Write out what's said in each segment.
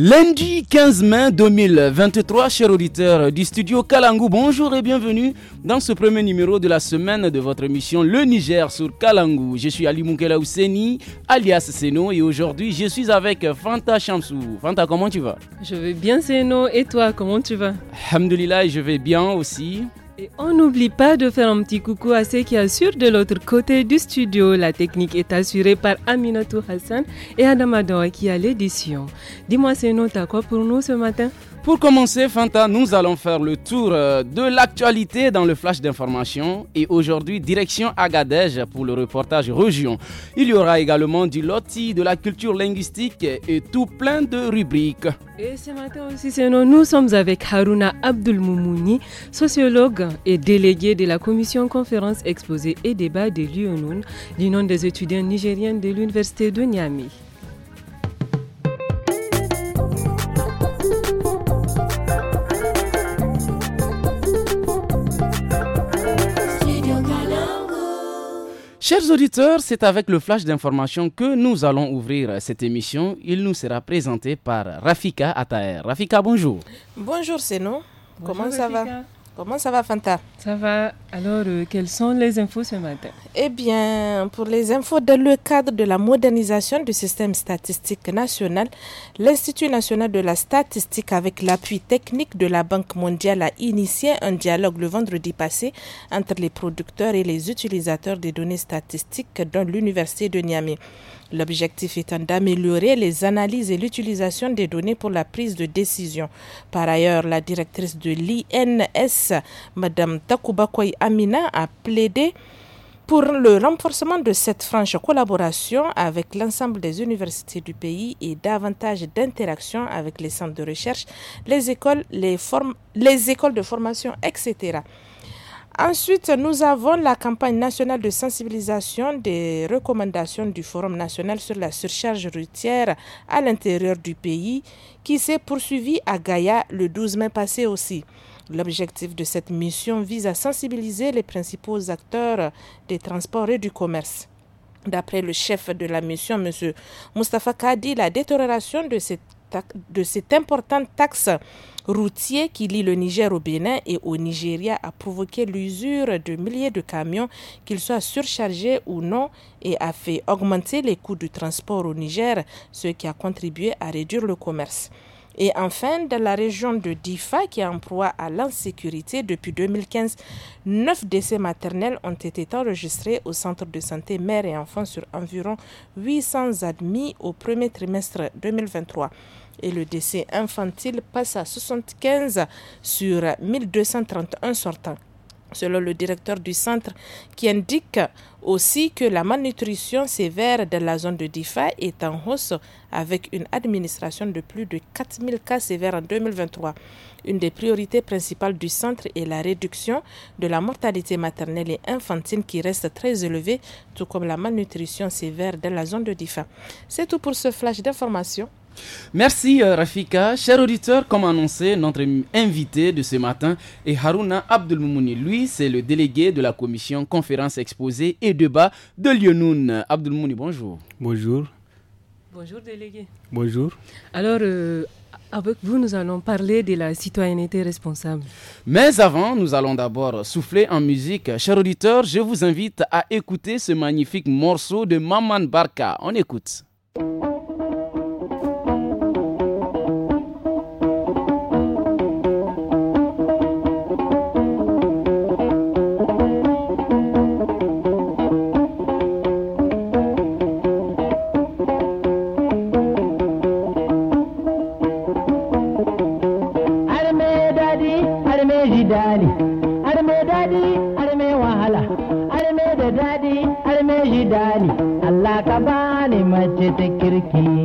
Lundi 15 mai 2023, chers auditeurs du studio Kalangu, bonjour et bienvenue dans ce premier numéro de la semaine de votre émission Le Niger sur Kalangu. Je suis Ali Moukela Ouseni, alias Seno, et aujourd'hui je suis avec Fanta Chamsou. Fanta, comment tu vas Je vais bien Seno, et toi, comment tu vas Alhamdulillah, je vais bien aussi. Et on n'oublie pas de faire un petit coucou à ceux qui assurent de l'autre côté du studio. La technique est assurée par Aminatou Hassan et Adam Adoua qui a l'édition. Dis-moi, c'est une à quoi pour nous ce matin pour commencer, Fanta, nous allons faire le tour euh, de l'actualité dans le flash d'information. Et aujourd'hui, direction Agadez pour le reportage région. Il y aura également du loti, de la culture linguistique et tout plein de rubriques. Et ce matin aussi, nous, nous sommes avec Haruna Abdul sociologue et délégué de la commission conférence exposée et débat de l'UNUN, nom des étudiants nigériens de l'Université de Niamey. Chers auditeurs, c'est avec le flash d'information que nous allons ouvrir cette émission. Il nous sera présenté par Rafika Ataer. Rafika, bonjour. Bonjour, c'est nous. Comment ça va Comment ça va, Fanta ça va. Alors, euh, quelles sont les infos ce matin Eh bien, pour les infos, dans le cadre de la modernisation du système statistique national, l'Institut national de la statistique, avec l'appui technique de la Banque mondiale, a initié un dialogue le vendredi passé entre les producteurs et les utilisateurs des données statistiques dans l'Université de Niamey. L'objectif étant d'améliorer les analyses et l'utilisation des données pour la prise de décision. Par ailleurs, la directrice de l'INS, Madame Takubakoy Amina a plaidé pour le renforcement de cette franche collaboration avec l'ensemble des universités du pays et davantage d'interactions avec les centres de recherche, les écoles, les, les écoles de formation, etc. Ensuite, nous avons la campagne nationale de sensibilisation des recommandations du Forum national sur la surcharge routière à l'intérieur du pays qui s'est poursuivie à Gaïa le 12 mai passé aussi. L'objectif de cette mission vise à sensibiliser les principaux acteurs des transports et du commerce. D'après le chef de la mission, M. Mustafa Kadi, la détérioration de cette importante taxe routier qui lie le Niger au Bénin et au Nigeria a provoqué l'usure de milliers de camions, qu'ils soient surchargés ou non, et a fait augmenter les coûts du transport au Niger, ce qui a contribué à réduire le commerce. Et enfin, dans la région de Difa, qui est en proie à l'insécurité depuis 2015, 9 décès maternels ont été enregistrés au centre de santé mère et enfant sur environ 800 admis au premier trimestre 2023 et le décès infantile passe à 75 sur 1231 sortants selon le directeur du centre, qui indique aussi que la malnutrition sévère de la zone de Difa est en hausse avec une administration de plus de 4000 cas sévères en 2023. Une des priorités principales du centre est la réduction de la mortalité maternelle et infantile qui reste très élevée, tout comme la malnutrition sévère dans la zone de Difa. C'est tout pour ce flash d'information. Merci euh, Rafika. Cher auditeur, comme annoncé, notre invité de ce matin est Haruna Abdelmoumouni. Lui, c'est le délégué de la commission conférence exposée et débat de Lyonoun. Abdelmoumouni, bonjour. Bonjour. Bonjour délégué. Bonjour. Alors, euh, avec vous, nous allons parler de la citoyenneté responsable. Mais avant, nous allons d'abord souffler en musique. Cher auditeur, je vous invite à écouter ce magnifique morceau de Maman Barka. On écoute. आखिर की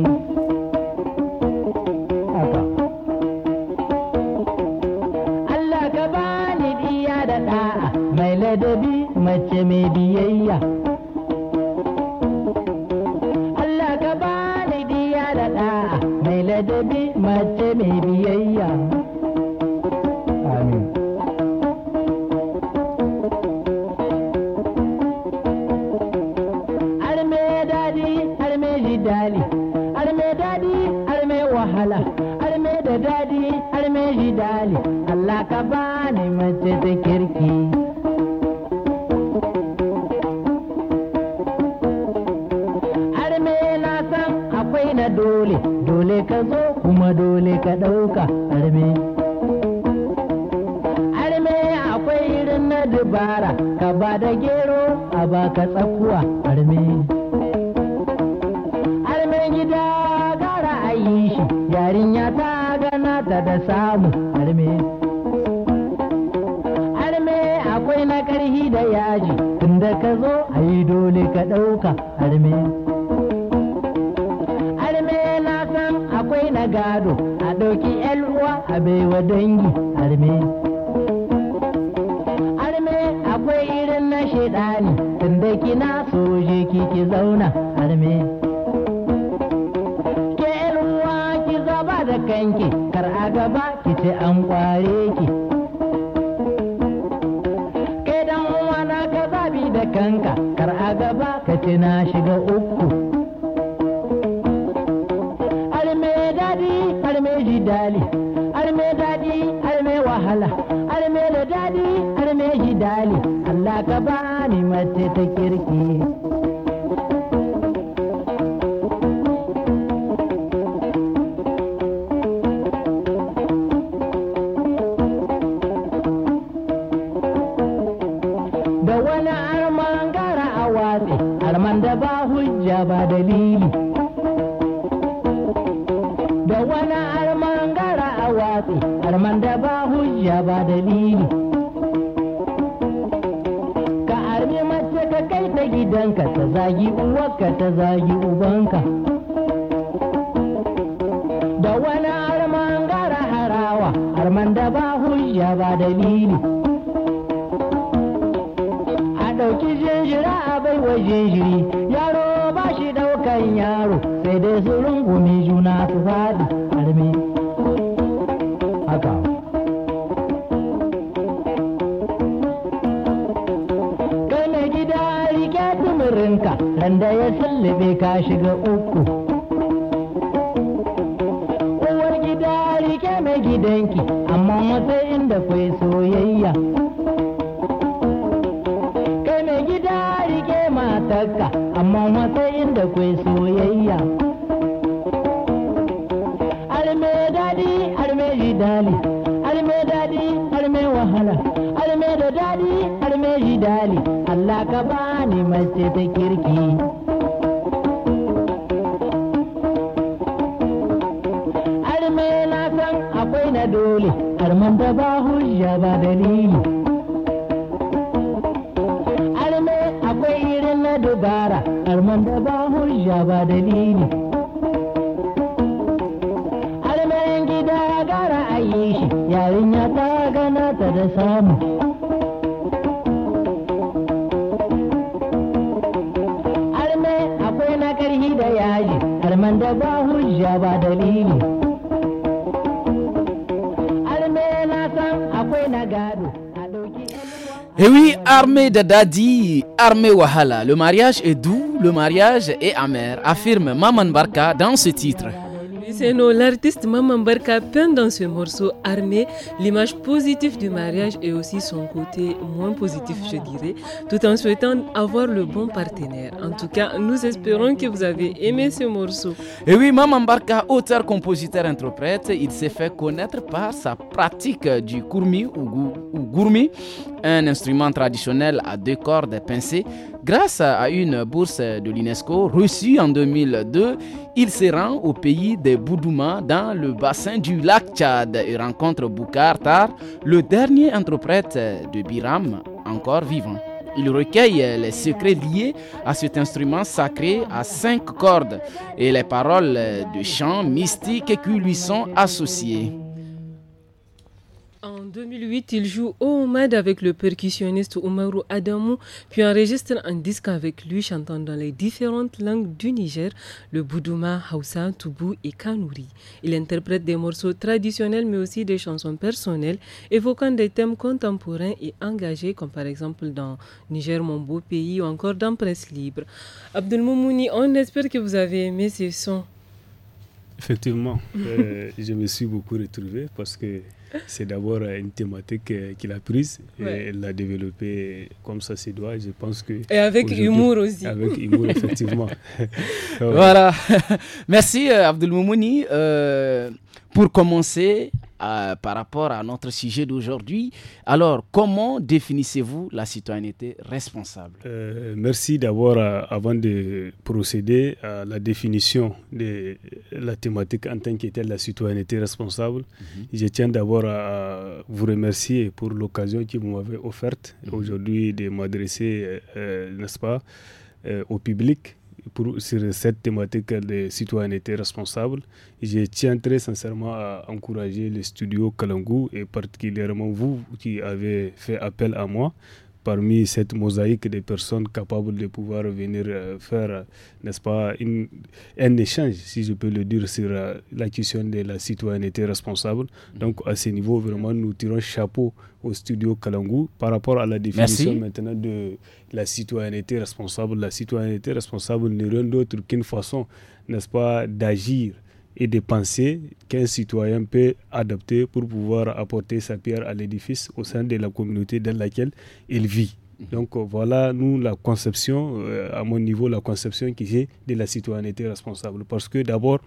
kuma dole ka ɗauka arme arme akwai irin na dubara ka ba da gero a baka tsakuwa arme arme gida gara a yi shi yarinya ta gana ta da samu arme arme akwai na karhi da yaji tunda ka zo a yi dole ka ɗauka arme gado a ɗauki uwa a baiwa dangi arme arme akwai irin na shaidani tunda kina soje ki ki zauna arme ke uwa ki zaba da kanki kar a gaba ki ce an kware ki kai dan uwa na ka zabi da kanka kar a gaba ka na shiga uku me arme daɗi me wahala arme da daɗi me hidali Allah ka bani mace ta kirki ki jinjira a bai wa jinjiri yaro ba shi ɗaukan yaro sai dai su rungumi juna su faɗi armi mai gida randa ya sallube ka shiga uku uwar gida rike mai gidanki amma matsayin da kwai soyayya amma matsayin da kwai soyayya arme daɗi arme ji dali arme daɗi arme wahala arme da daɗi arme ji dali allah ka bani mace ta kirki arme na san akwai na dole arman da ba hujja ba dalili dalili almarin gida gara a yi shi yarinya ta gana ta da samu alme akwai na karhi da yaji alman da ba hujja ba dalili alme na san akwai na gado Et eh oui, armée de d'Adadi, armée Wahala, le mariage est doux le mariage est amer, affirme Maman Barka dans ce titre. L'artiste Maman Barka peint dans ce morceau armé l'image positive du mariage et aussi son côté moins positif, je dirais, tout en souhaitant avoir le bon partenaire. En tout cas, nous espérons que vous avez aimé ce morceau. Et oui, Maman Barka, auteur, compositeur, interprète, il s'est fait connaître par sa pratique du kourmi ou gourmi, un instrument traditionnel à deux cordes pincées Grâce à une bourse de l'UNESCO reçue en 2002, il se rend au pays des Boudouma dans le bassin du lac Tchad et rencontre Boukhar le dernier interprète de Biram encore vivant. Il recueille les secrets liés à cet instrument sacré à cinq cordes et les paroles de chants mystiques qui lui sont associés. En 2008, il joue au Oumad avec le percussionniste Omaru Adamou, puis enregistre un disque avec lui chantant dans les différentes langues du Niger, le Boudouma, Hausa, Toubou et Kanouri. Il interprète des morceaux traditionnels mais aussi des chansons personnelles évoquant des thèmes contemporains et engagés comme par exemple dans Niger, mon beau pays ou encore dans Presse Libre. Abdelmou on espère que vous avez aimé ces sons. Effectivement, euh, je me suis beaucoup retrouvé parce que c'est d'abord euh, une thématique euh, qu'il a prise et l'a développée comme ça se doit. Je pense que et avec humour aussi. Avec humour effectivement. voilà. Merci euh, Abdelmoumouni pour commencer, euh, par rapport à notre sujet d'aujourd'hui, alors comment définissez-vous la citoyenneté responsable euh, Merci d'avoir, euh, avant de procéder à la définition de la thématique en tant que telle, la citoyenneté responsable, mhm. je tiens d'abord à vous remercier pour l'occasion que vous m'avez offerte mhm. aujourd'hui de m'adresser, n'est-ce pas, au public pour, sur cette thématique de citoyenneté responsable. Je tiens très sincèrement à encourager les studios Kalangu et particulièrement vous qui avez fait appel à moi parmi cette mosaïque des personnes capables de pouvoir venir euh, faire, euh, n'est-ce pas, un échange, si je peux le dire, sur euh, la question de la citoyenneté responsable. Mm-hmm. Donc, à ce niveau, vraiment, nous tirons chapeau au studio Kalangu par rapport à la définition maintenant de la citoyenneté responsable. La citoyenneté responsable n'est rien d'autre qu'une façon, n'est-ce pas, d'agir et des pensées qu'un citoyen peut adopter pour pouvoir apporter sa pierre à l'édifice au sein de la communauté dans laquelle il vit. Mhm. Donc euh, voilà, nous, la conception, euh, à mon niveau, la conception qui j'ai de la citoyenneté responsable. Parce que d'abord,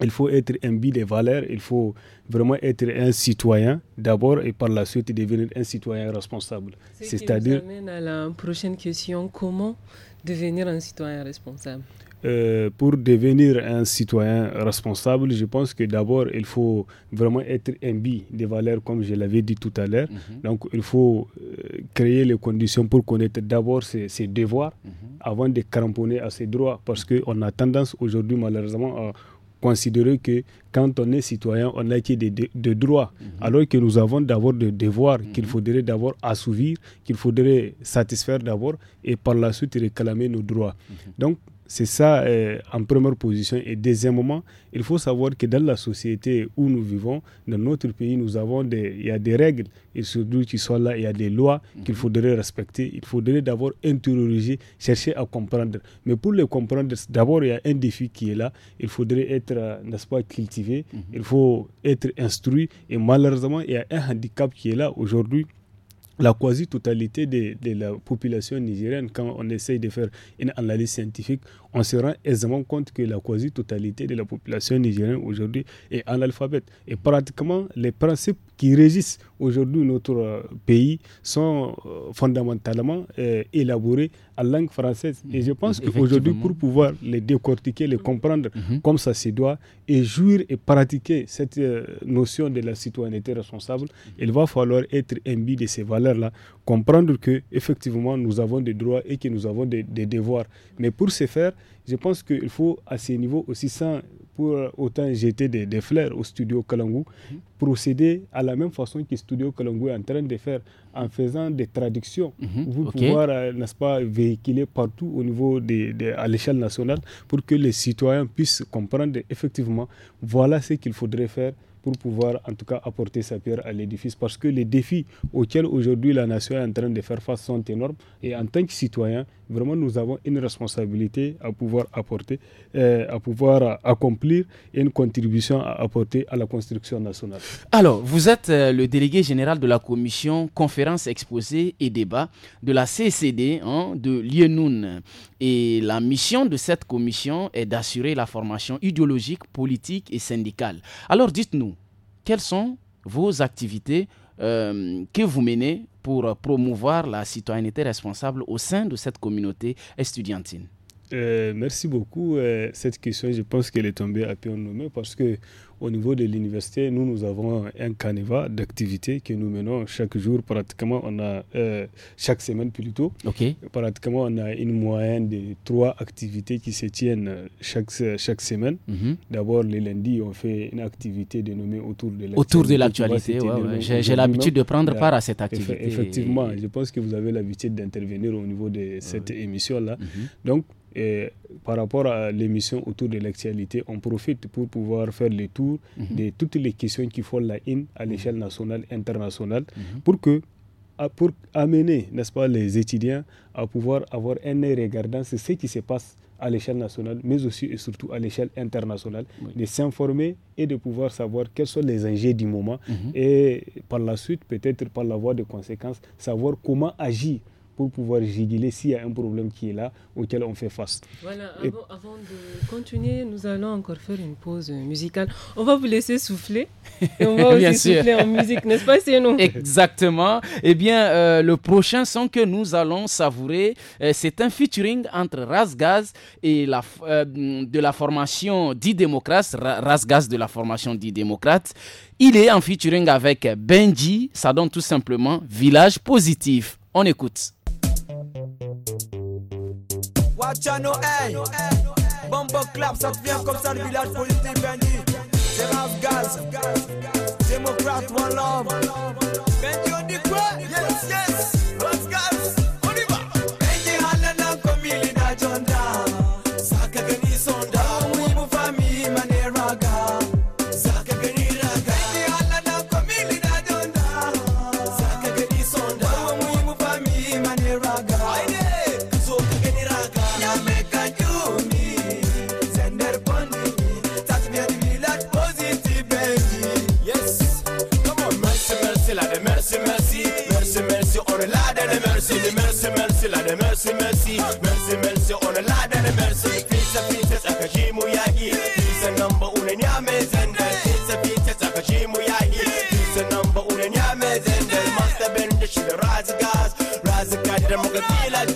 il faut être imbibé des valeurs, il faut vraiment être un citoyen d'abord et par la suite devenir un citoyen responsable. C'est-à-dire... amène à la prochaine question, comment devenir un citoyen responsable euh, pour devenir un citoyen responsable, je pense que d'abord, il faut vraiment être imbi des valeurs, comme je l'avais dit tout à l'heure. Mhm. Donc, il faut euh, créer les conditions pour connaître d'abord ses, devoirs mhm. avant de cramponner à ses droits, parce qu'on a tendance aujourd'hui, malheureusement, à considérer que quand on est citoyen, on a été des droits, mhm. alors que nous avons d'abord des devoirs qu'il faudrait d'abord assouvir, qu'il faudrait satisfaire d'abord et par la suite réclamer nos droits. Donc, c'est ça euh, en première position. Et deuxièmement, il faut savoir que dans la société où nous vivons, dans notre pays, nous avons des, il y a des règles, et surtout qui sont là, il y a des lois mhm. qu'il faudrait respecter. Il faudrait d'abord intérioriser, chercher à comprendre. Mais pour les comprendre, d'abord, il y a un défi qui est là. Il faudrait être, euh, n'est-ce pas, cultivé. Mhm. Il faut être instruit. Et malheureusement, il y a un handicap qui est là aujourd'hui la quasi-totalité de, la population nigérienne, quand on essaye de faire une analyse scientifique, on se rend aisément compte que la quasi-totalité de la population nigérienne aujourd'hui est analphabète. Et pratiquement, les principes qui régissent aujourd'hui notre euh, pays sont euh, fondamentalement euh, élaborés en langue française. Et je pense mmh. qu'aujourd'hui, pour pouvoir les décortiquer, les comprendre mmh. Mmh. comme ça se doit, et jouir et pratiquer cette notion de la citoyenneté responsable, il va falloir être imbu de ces valeurs-là, comprendre que effectivement nous avons des droits et que nous avons des, des devoirs. Mais pour ce faire, je pense qu'il faut à ce niveau aussi, sans pour autant jeter des, des au studio Kalangu, mhm. procéder à la même façon que Studio Kalangu est en train de faire en faisant des traductions. Mhm. Vous pouvoir, euh, n'est-ce pas, véhiculer partout au niveau des à l'échelle nationale pour que les citoyens puissent comprendre effectivement voilà ce qu'il faudrait faire pour pouvoir en tout cas apporter sa pierre à l'édifice parce que les défis auxquels aujourd'hui la nation est en train de faire face sont énormes et en tant que citoyen, vraiment nous avons une responsabilité à pouvoir apporter, euh, à pouvoir accomplir une contribution à apporter à la construction nationale. Alors, vous êtes euh, le délégué général de la commission conférence, exposé et débat de la CCD hein, de Lienoun et la mission de cette commission est d'assurer la formation idéologique, politique et syndicale. Alors dites-nous, quelles sont vos activités euh, que vous menez pour promouvoir la citoyenneté responsable au sein de cette communauté estudiantine euh, Merci beaucoup. Euh, cette question, je pense qu'elle est tombée à pied nommé parce que au niveau de l'université, nous, nous avons un canevas d'activités que nous menons chaque jour. Pratiquement, on a, euh, chaque semaine plutôt, Ok. pratiquement, on a une moyenne de trois activités qui se tiennent chaque, chaque semaine. Mhm. D'abord, les lundis, on fait une activité dénommée autour de l'actualité. Autour de l'actualité, ouais, j'ai l'habitude de prendre part à cette activité. Effectivement, je pense que vous avez l'habitude d'intervenir au niveau de cette émission-là. Mhm. Donc, euh, par rapport à l'émission autour de l'actualité, on profite pour pouvoir faire le tour mhm. de toutes les questions qui font la in à mhm. l'échelle nationale, internationale, mhm. pour que pour amener, n'est-ce pas, les étudiants à pouvoir avoir un œil regardant ce qui se passe à l'échelle nationale, mais aussi et surtout à l'échelle internationale, de s'informer et de pouvoir savoir quels sont les enjeux du moment et par la suite, peut-être par la voie de conséquences, savoir comment agir pour pouvoir juguler s'il y a un problème qui est là, auquel on fait face. Voilà, avant, de continuer, nous allons encore faire une pause musicale. On va vous laisser souffler. on va aussi souffler en musique, n'est-ce pas, nous. Exactement. Eh bien, euh, le prochain son que nous allons savourer, euh, c'est un featuring entre Rasgaz et la, euh, de la formation dit démocrates, de la formation dit démocrate Il est en featuring avec Benji, ça donne tout simplement Village Positif. On écoute. Wachano, hey. Bombo clap, ça devient comme ça le village politique béni. C'est rap gaz, démocrate, one love. Benji on dit quoi? Yes, yes. mana mercy mercy mercy mercy on a ladder and mercy pizza pizza akashimu yahi pizza number una nyame zender pizza pizza akashimu yahi pizza number Must have una nyame zender master bend shi razagas razagas da muka kila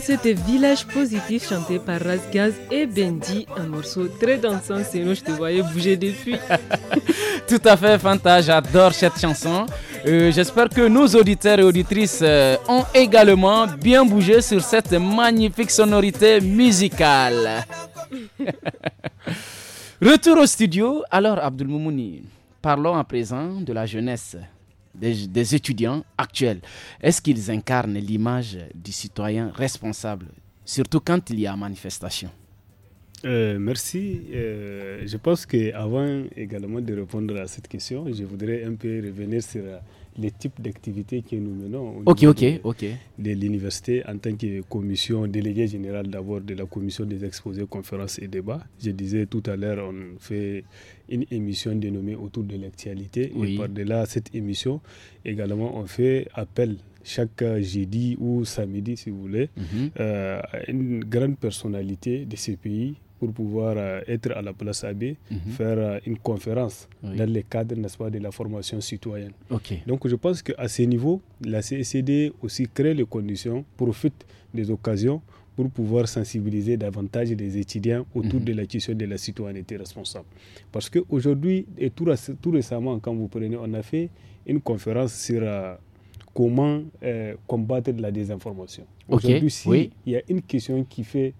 c'était Village Positif chanté par Razgaz et Bendy, un morceau très dansant, sinon je te voyais bouger depuis. Tout à fait, Fanta, j'adore cette chanson. Euh, j'espère que nos auditeurs et auditrices euh, ont également bien bougé sur cette magnifique sonorité musicale. Retour au studio. Alors, Abdul Moumouni, parlons à présent de la jeunesse des, étudiants actuels, est-ce qu'ils incarnent l'image du citoyen responsable, surtout quand il y a manifestation euh, merci. Euh, je pense qu'avant également de répondre à cette question, je voudrais un peu revenir sur euh, les types d'activités que nous menons. ok, ok, de, ok. De l'université, en tant que commission déléguée générale d'abord de la commission des exposés, conférences et débats. Je disais tout à l'heure, on fait une émission dénommée autour de l'actualité. Et par-delà cette émission, également, on fait appel chaque euh, jeudi ou samedi, si vous voulez, mhm. euh, une grande personnalité de ces pays pour pouvoir euh, être à la place AB, mhm. faire euh, une conférence dans le cadre, n'est-ce pas, de la formation citoyenne. Donc je pense qu'à ce niveau, la CECD aussi crée les conditions, profite des occasions pour pouvoir sensibiliser davantage les étudiants autour mhm. de la question de la citoyenneté responsable. Parce qu'aujourd'hui, et tout, récemment, quand vous prenez, on a fait une conférence sur euh, comment combattre la désinformation. Aujourd'hui, il s'il y a une question qui, fait,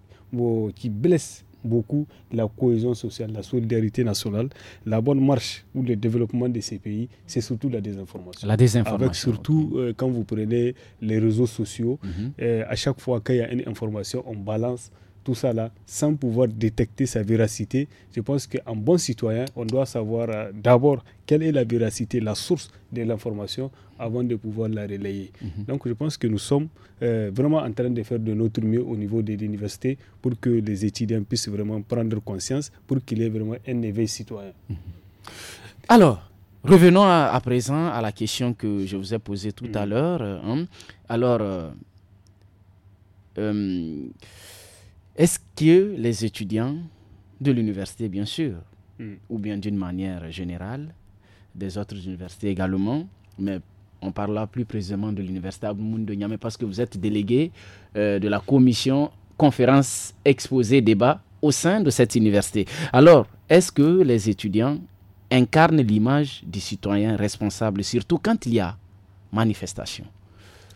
qui blesse beaucoup la cohésion sociale, la solidarité nationale. La bonne marche ou le développement de ces pays, c'est surtout la désinformation. La désinformation. Avec surtout euh, quand vous prenez les réseaux sociaux, mhm. euh, à chaque fois qu'il y a une information, on balance tout ça là, sans pouvoir détecter sa véracité. Je pense qu'un bon citoyen, on doit savoir euh, d'abord quelle est la véracité, la source de l'information avant de pouvoir la relayer. Mhm. Donc je pense que nous sommes euh, vraiment en train de faire de notre mieux au niveau de l'université pour que les étudiants puissent vraiment prendre conscience, pour qu'il y ait vraiment un éveil citoyen. Mhm. Alors, Revenons à, présent à la question que je vous ai posée tout à mhm. l'heure. Hein. Alors, euh, est-ce que les étudiants de l'université, bien sûr, hmm. ou bien d'une manière générale, des autres universités également, mais on parlera plus précisément de l'université Aboumoun de Niamey parce que vous êtes délégué euh, de la commission conférence, exposé, débat au sein de cette université. Alors, est-ce que les étudiants incarnent l'image du citoyen responsable, surtout quand il y a manifestation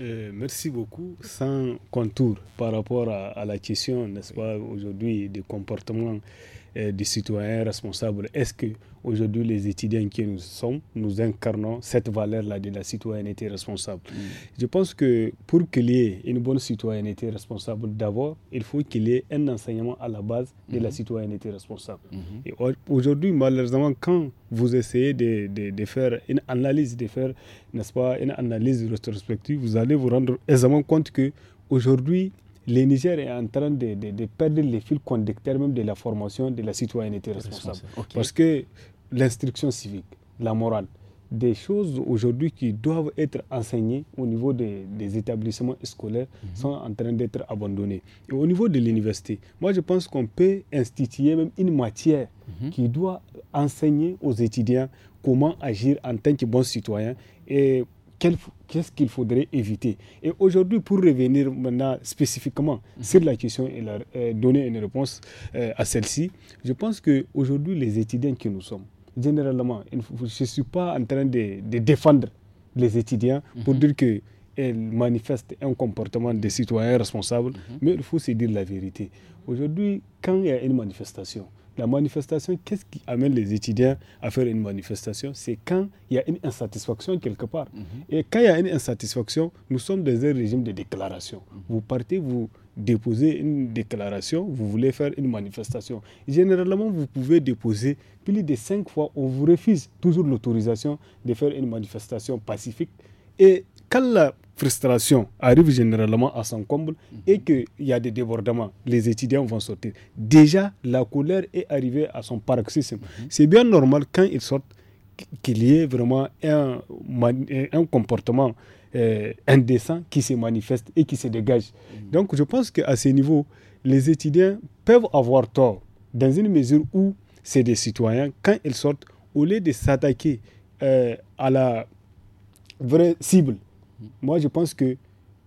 euh, merci beaucoup. Sans contour par rapport à, la question, n'est-ce pas, aujourd'hui, du comportement euh, des citoyens responsables, est-ce que Aujourd'hui, les étudiants qui nous sommes, nous incarnons cette valeur-là de la citoyenneté responsable. Mm. Je pense que pour qu'il y ait une bonne citoyenneté responsable, d'abord, il faut qu'il y ait un enseignement à la base de la mm-hmm. citoyenneté responsable. Mm-hmm. Et aujourd'hui, malheureusement, quand vous essayez de, faire une analyse, de faire, n'est-ce pas, une analyse rétrospective, vous allez vous rendre aisément compte que aujourd'hui, le Niger est en train de, perdre les fils conducteurs même de la formation de la citoyenneté responsable. Parce que l'instruction civique, la morale, des choses aujourd'hui qui doivent être enseignées au niveau des, établissements scolaires mhm. sont en train d'être abandonnées. Et au niveau de l'université, moi je pense qu'on peut instituer même une matière mhm. qui doit enseigner aux étudiants comment agir en tant que bons citoyens et qu'est-ce qu'il faudrait éviter. Et aujourd'hui, pour revenir maintenant spécifiquement mhm. sur la question et euh, donner une réponse euh, à celle-ci, je pense qu'aujourd'hui, les étudiants que nous sommes, généralement, je ne suis pas en train de, défendre les étudiants pour mhm. dire que manifestent un comportement de citoyen responsable, mhm. mais il faut se dire la vérité. Aujourd'hui, quand il y a une manifestation, la manifestation, qu'est-ce qui amène les étudiants à faire une manifestation C'est quand il y a une insatisfaction quelque part. Mhm. Et quand il y a une insatisfaction, nous sommes dans un régime de déclaration. Mhm. Vous partez, vous déposez une déclaration, vous voulez faire une manifestation. Généralement, vous pouvez déposer plus de cinq fois, on vous refuse toujours l'autorisation de faire une manifestation pacifique. Et quand la frustration arrive généralement à son comble et mhm. qu'il y a des débordements, les étudiants vont sortir. Déjà, la colère est arrivée à son paroxysme. Mhm. C'est bien normal quand ils sortent qu'il y ait vraiment un, comportement euh, indécent qui se manifeste et qui se dégage. Mhm. Donc je pense qu'à ce niveau, les étudiants peuvent avoir tort dans une mesure où c'est des citoyens, quand ils sortent, au lieu de s'attaquer euh, à la vraie cible, moi, je pense que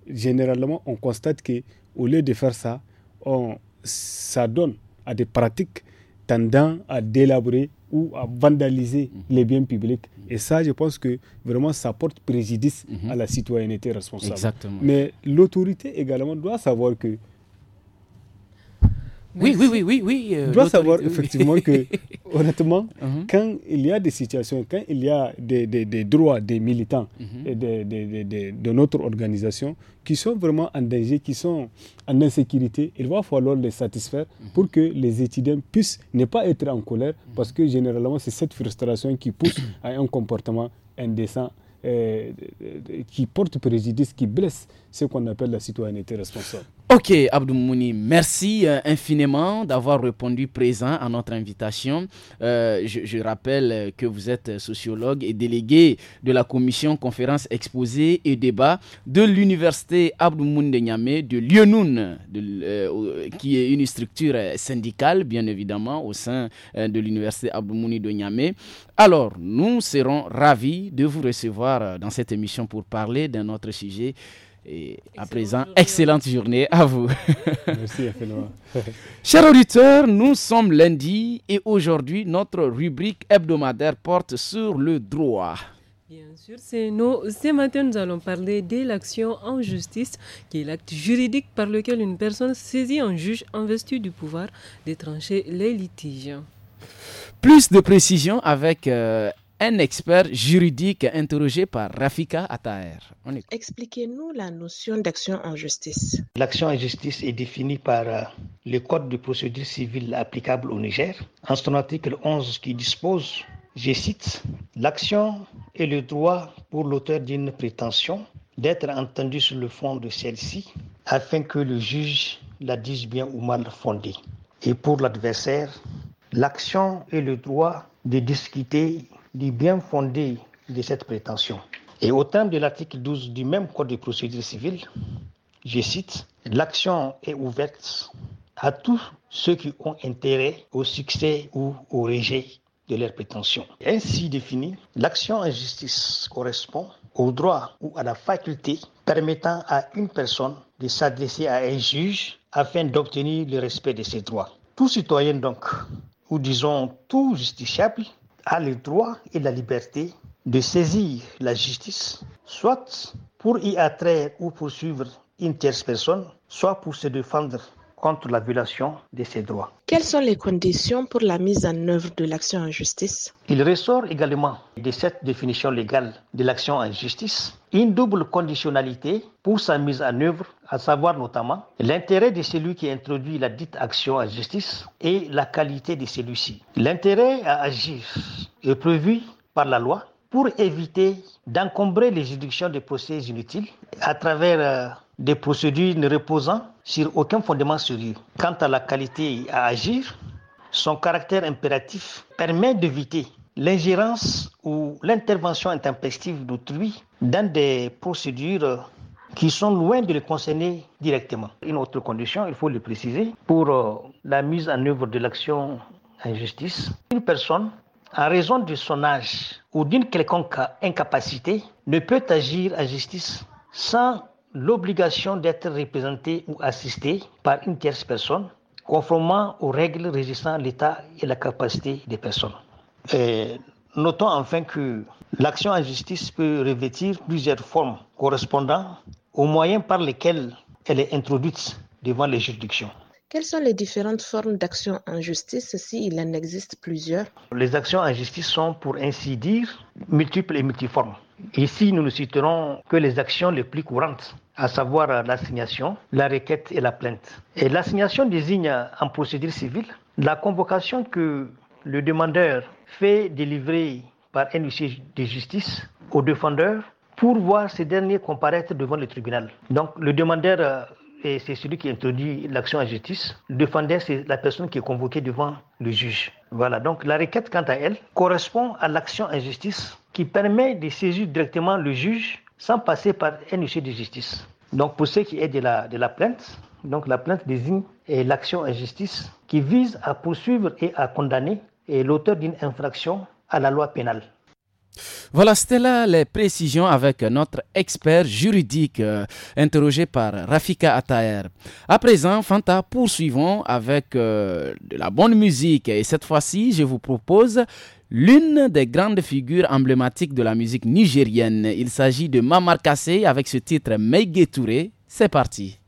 généralement, on constate que au lieu de faire ça, on s'adonne à des pratiques tendant à délabrer ou à vandaliser mhm. les biens publics. Et ça, je pense que vraiment, ça porte préjudice mhm. à la citoyenneté responsable. Mais l'autorité également doit savoir que oui, oui, oui, oui, oui. Euh, doit savoir effectivement que, honnêtement, uh-huh. quand il y a des situations, quand il y a des, des, droits des militants uh-huh. et de, de, notre organisation qui sont vraiment en danger, qui sont en insécurité, il va falloir les satisfaire uh-huh. pour que les étudiants puissent ne pas être en colère parce que généralement, c'est cette frustration qui pousse à un comportement indécent. Euh, qui porte préjudice, qui blesse ce qu'on appelle la citoyenneté responsable. Ok, Abdou Mouni, merci euh, infiniment d'avoir répondu présent à notre invitation. Euh, je, rappelle que vous êtes sociologue et délégué de la commission conférence exposés et débats de l'université Abdou Mouni de Niamey de Lyonoun, euh, qui est une structure syndicale, bien évidemment, au sein de l'université Abdou Mouni de Niamé. Alors, nous serons ravis de vous recevoir dans cette émission pour parler d'un autre sujet et à présent, excellente journée à vous. Merci, Chers auditeurs, nous sommes lundi et aujourd'hui, notre rubrique hebdomadaire porte sur le droit. Bien sûr, c'est nous. Ce matin, nous allons parler de l'action en justice, qui est l'acte juridique par lequel une personne saisit un juge investi du pouvoir de trancher les litiges. Plus de précisions avec euh, un expert juridique interrogé par Rafika Ataer. Expliquez-nous la notion d'action en justice. L'action en justice est définie par euh, le Code de procédure civile applicable au Niger, en son article 11 qui dispose, je cite, L'action est le droit pour l'auteur d'une prétention d'être entendu sur le fond de celle-ci afin que le juge la dise bien ou mal fondée. Et pour l'adversaire, l'action est le droit de discuter du bien fondé de cette prétention. Et au terme de l'article 12 du même Code de procédure civile, je cite, L'action est ouverte à tous ceux qui ont intérêt au succès ou au rejet de leur prétention. » Ainsi définie, l'action en justice correspond au droit ou à la faculté permettant à une personne de s'adresser à un juge afin d'obtenir le respect de ses droits. Tout citoyen donc, ou disons tout justiciable, a le droit et la liberté de saisir la justice, soit pour y attraire ou poursuivre une tierce personne, soit pour se défendre contre la violation de ses droits. Quelles sont les conditions pour la mise en œuvre de l'action en justice Il ressort également de cette définition légale de l'action en justice une double conditionnalité pour sa mise en œuvre, à savoir notamment l'intérêt de celui qui introduit la dite action en justice et la qualité de celui-ci. L'intérêt à agir est prévu par la loi pour éviter d'encombrer les juridictions de procès inutiles à travers euh, des procédures ne reposant sur aucun fondement sérieux. Quant à la qualité à agir, son caractère impératif permet d'éviter l'ingérence ou l'intervention intempestive d'autrui dans des procédures qui sont loin de le concerner directement. Une autre condition, il faut le préciser, pour euh, la mise en œuvre de l'action en justice, une personne, en raison de son âge ou d'une quelconque incapacité, ne peut agir en justice sans l'obligation d'être représenté ou assisté par une tierce personne, conformément aux règles régissant l'état et la capacité des personnes. notons enfin que l'action en justice peut revêtir plusieurs formes correspondant aux moyens par lesquels elle est introduite devant les juridictions. Quelles sont les différentes formes d'action en justice s'il il en existe plusieurs Les actions en justice sont, pour ainsi dire, multiples et multiformes. Ici, nous ne citerons que les actions les plus courantes, à savoir l'assignation, la requête et la plainte. Et l'assignation désigne en procédure civile la convocation que le demandeur fait délivrer par un huissier de justice au défendeur pour voir ce dernier comparaître devant le tribunal. Donc le demandeur, euh, c'est celui qui introduit l'action en justice. Le défendeur, c'est la personne qui est convoquée devant le juge. Voilà, donc la requête, quant à elle, correspond à l'action injustice qui permet de saisir directement le juge sans passer par un huissier de justice. Donc pour ce qui est de la, de la plainte, donc la plainte désigne l'action injustice qui vise à poursuivre et à condamner l'auteur d'une infraction à la loi pénale. Voilà, c'était là les précisions avec notre expert juridique euh, interrogé par Rafika Ataer. À présent, Fanta, poursuivons avec euh, de la bonne musique et cette fois-ci, je vous propose l'une des grandes figures emblématiques de la musique nigérienne. Il s'agit de Mamar Kassé avec ce titre Meige C'est parti.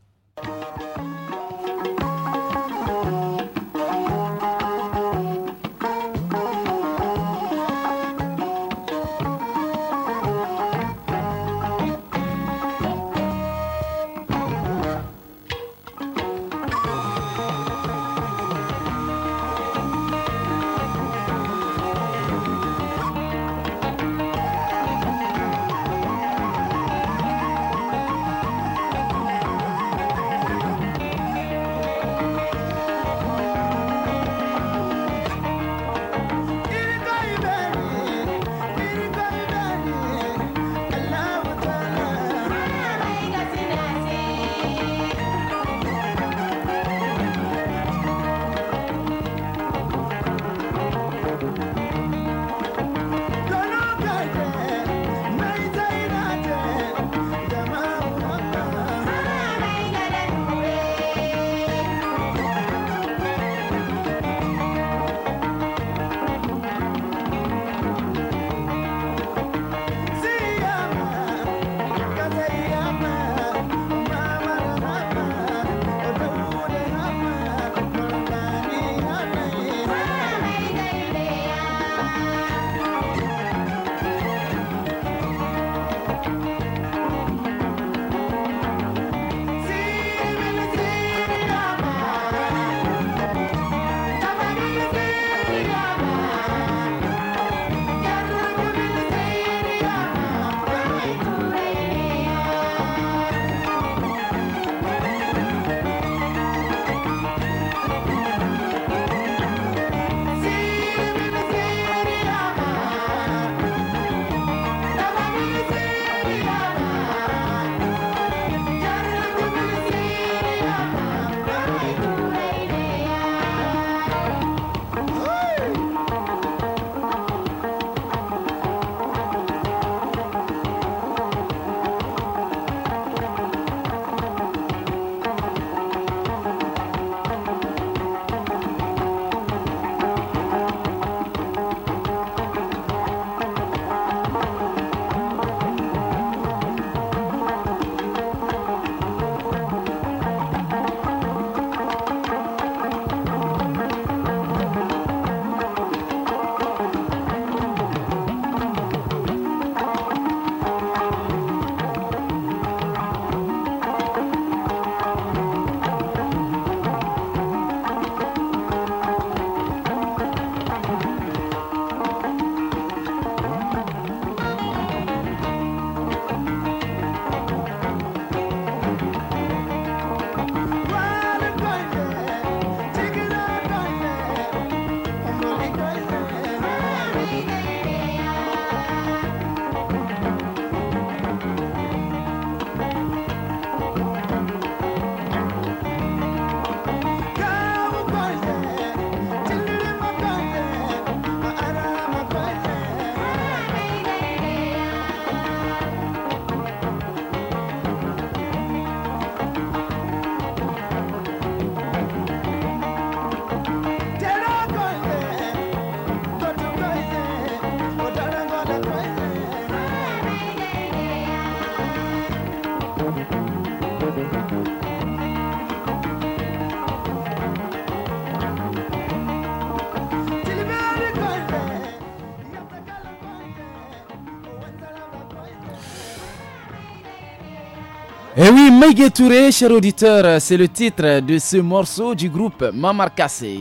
Et eh oui, Maïgé Touré, cher auditeur, c'est le titre de ce morceau du groupe Mamarcassé.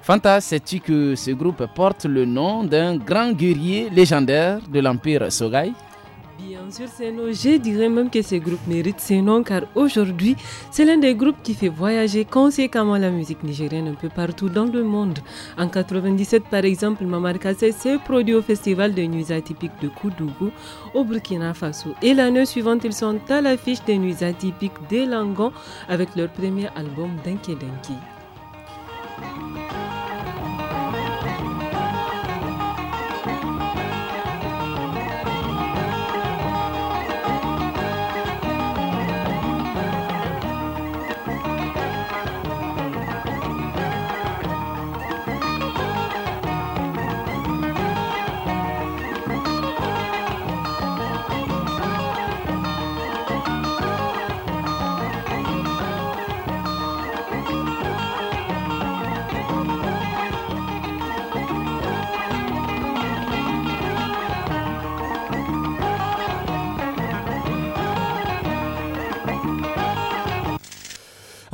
Fanta, sais-tu que ce groupe porte le nom d'un grand guerrier légendaire de l'Empire Sogai sur ces noms, je dirais même que ce groupe mérite ces noms car aujourd'hui, c'est l'un des groupes qui fait voyager conséquemment la musique nigérienne un peu partout dans le monde. En 97, par exemple, Mamar Kassé s'est produit au festival de nuits atypiques de Koudougou au Burkina Faso. Et l'année suivante, ils sont à l'affiche des nuits atypiques Langon avec leur premier album Denke Denki.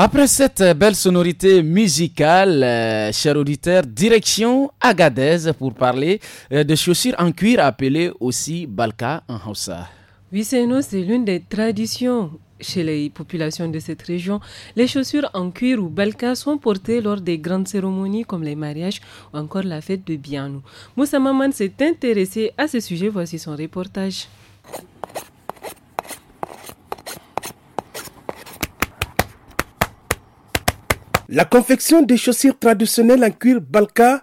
Après cette belle sonorité musicale, euh, cher direction Agadez pour parler euh, de chaussures en cuir appelées aussi Balka en Hausa. Oui, c'est l'une des traditions chez les populations de cette région. Les chaussures en cuir ou balka sont portées lors des grandes cérémonies comme les mariages ou encore la fête de Bianou. Moussa Maman s'est intéressé à ce sujet. Voici son reportage. La confection des chaussures traditionnelles en cuir balka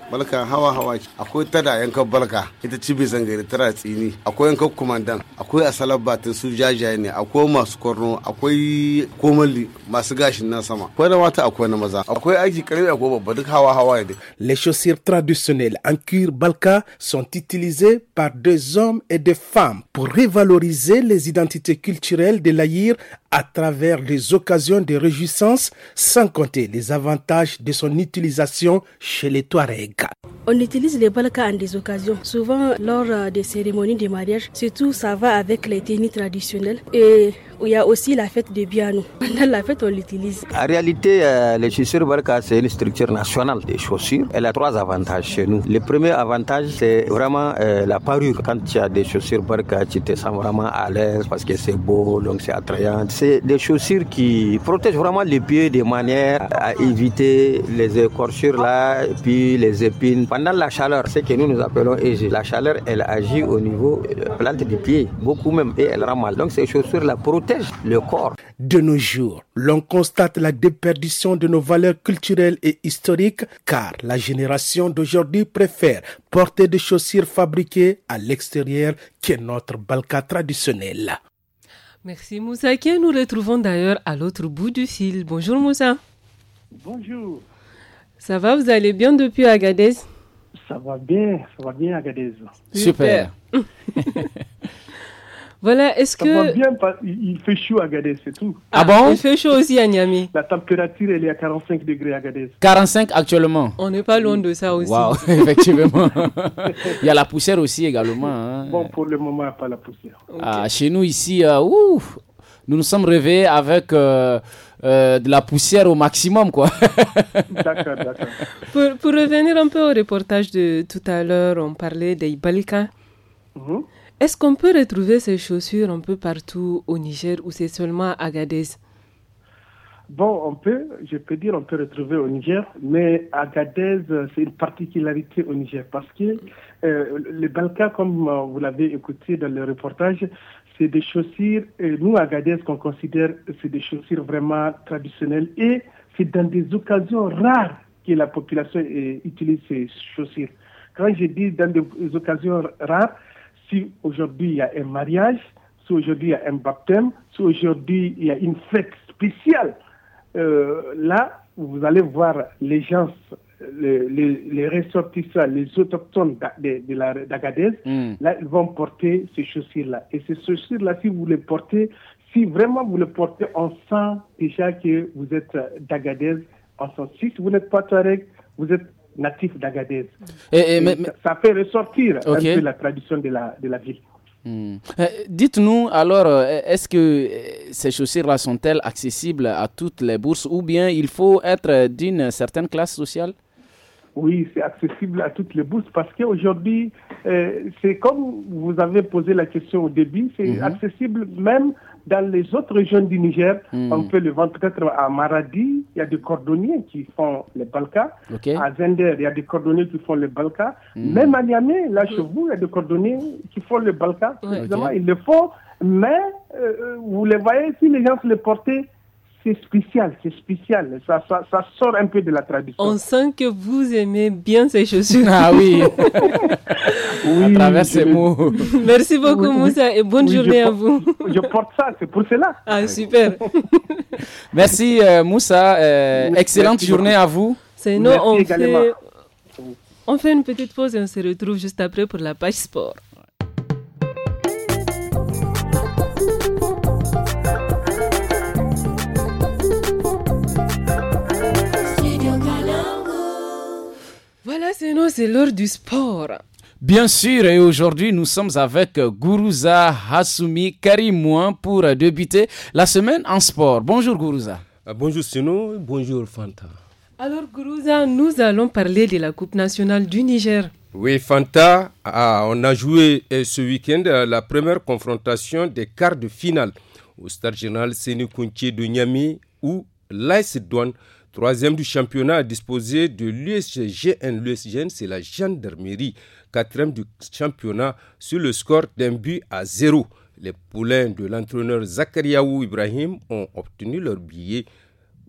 les chaussures traditionnelles en cuir balka sont utilisées par des hommes et des femmes pour revaloriser les identités culturelles de l'Aïr à travers les occasions de réjouissance sans compter les avantages de son utilisation chez les Touaregs. Rica. On utilise les balkas en des occasions. Souvent, lors euh, des cérémonies de mariage, surtout ça va avec les tenues traditionnelles. Et il y a aussi la fête de Biano. Pendant la fête, on l'utilise. En réalité, euh, les chaussures Balka, c'est une structure nationale des chaussures. Elle a trois avantages chez nous. Le premier avantage, c'est vraiment euh, la parure. Quand tu as des chaussures balkas, tu te sens vraiment à l'aise parce que c'est beau, donc c'est attrayant. C'est des chaussures qui protègent vraiment les pieds de manière à éviter les écorchures là, puis les épines pendant la chaleur, ce que nous nous appelons EG, la chaleur, elle agit au niveau de la plante du pied, beaucoup même, et elle rend mal. Donc ces chaussures la protègent le corps. De nos jours, l'on constate la déperdition de nos valeurs culturelles et historiques, car la génération d'aujourd'hui préfère porter des chaussures fabriquées à l'extérieur que notre balka traditionnel. Merci Moussa, qui nous retrouvons d'ailleurs à l'autre bout du fil. Bonjour Moussa. Bonjour. Ça va, vous allez bien depuis Agadez ça va bien, ça va bien à Gadez. Super. voilà, est-ce que... Ça va bien, il fait chaud à Gadez, c'est tout. Ah, ah, bon Il fait chaud aussi à Niami. La température, elle est à 45 degrés à Gadez. 45 actuellement On n'est pas loin de ça aussi. Wow, effectivement. il y a la poussière aussi également. Hein. Bon, pour le moment, il n'y a pas la poussière. Ah, chez nous ici, euh, ouf, nous nous sommes réveillés avec euh, euh, de la poussière au maximum. Quoi. d'accord, d'accord. Pour, revenir un peu au reportage de tout à l'heure, on parlait des Balkans. Mhm. Est-ce qu'on peut retrouver ces chaussures un peu partout au Niger ou c'est seulement à Agadez Bon, on peut, je peux dire, on peut retrouver au Niger, mais Agadez, c'est une particularité au Niger parce que euh, les Balkans, comme vous l'avez écouté dans le reportage, c'est des chaussures, et nous à Gadez, qu'on considère c'est des chaussures vraiment traditionnelles et c'est dans des occasions rares que la population utilise ces chaussures. Quand je dis dans des occasions rares, si aujourd'hui il y a un mariage, si aujourd'hui il y a un baptême, si aujourd'hui il y a une fête spéciale, euh, là, vous allez voir les gens les, les, ressortissants, les autochtones d'Agadez, hmm. là, ils vont porter ces chaussures-là. Et ces chaussures-là, si vous les portez, si vraiment vous les portez, on sent déjà que vous êtes euh, d'Agadez. On sent, si vous n'êtes pas Touareg, vous êtes natif d'Agadez. Et, Ça fait ressortir un hein, peu la tradition de la, de la ville. Hmm. Euh, dites-nous alors, euh, est-ce que ces chaussures-là sont-elles accessibles à toutes les bourses ou bien il faut être d'une certaine classe sociale oui, c'est accessible à toutes les bourses parce qu'aujourd'hui, euh, c'est comme vous avez posé la question au début, c'est mhm. accessible même dans les autres régions du Niger. Mhm. On peut le vendre à Maradi, il y a des cordonniers qui font les Balkans. À Zender, il y a des cordonniers qui font les Balkans. Mhm. Même à Niamey, là chez vous, il y a des cordonniers qui font les Balkans. Ils le font, mais euh, euh, vous les voyez, si les gens se les portaient, c'est spécial, c'est spécial. Ça, ça, sort un peu de la tradition. On sent que vous aimez bien ces chaussures. Ah oui, oui à travers Merci beaucoup, Moussa, et bonne journée à vous. je porte ça, c'est pour cela. Ah, super. Merci, euh, Moussa. Euh, excellente journée à vous. nous on fait, on fait une petite pause et on se retrouve juste après pour la page sport. nous c'est l'heure du sport. Bien sûr, et aujourd'hui nous sommes avec Gourouza Hassoumi Karimouan pour débuter la semaine en sport. Bonjour Gourouza. Ah, bonjour Sino, bonjour Fanta. Alors Gourouza, nous allons parler de la Coupe nationale du Niger. Oui, Fanta, ah, on a joué eh, ce week-end euh, la première confrontation des quarts de finale au stade général Kounti de Niamey où l'AS Douane Troisième du championnat à disposer de l'USGN. L'USGN, c'est la gendarmerie. Quatrième du championnat sur le score d'un but à zéro. Les poulains de l'entraîneur Zakariaou Ibrahim ont obtenu leur billet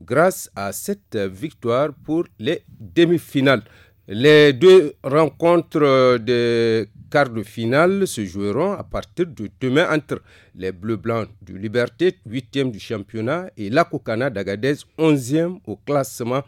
grâce à cette victoire pour les demi-finales. Les deux rencontres euh, de quarts de finale se joueront à partir de demain entre les Bleus Blancs du Liberté, 8e du championnat, et l'Akokana d'Agadez, 11e au classement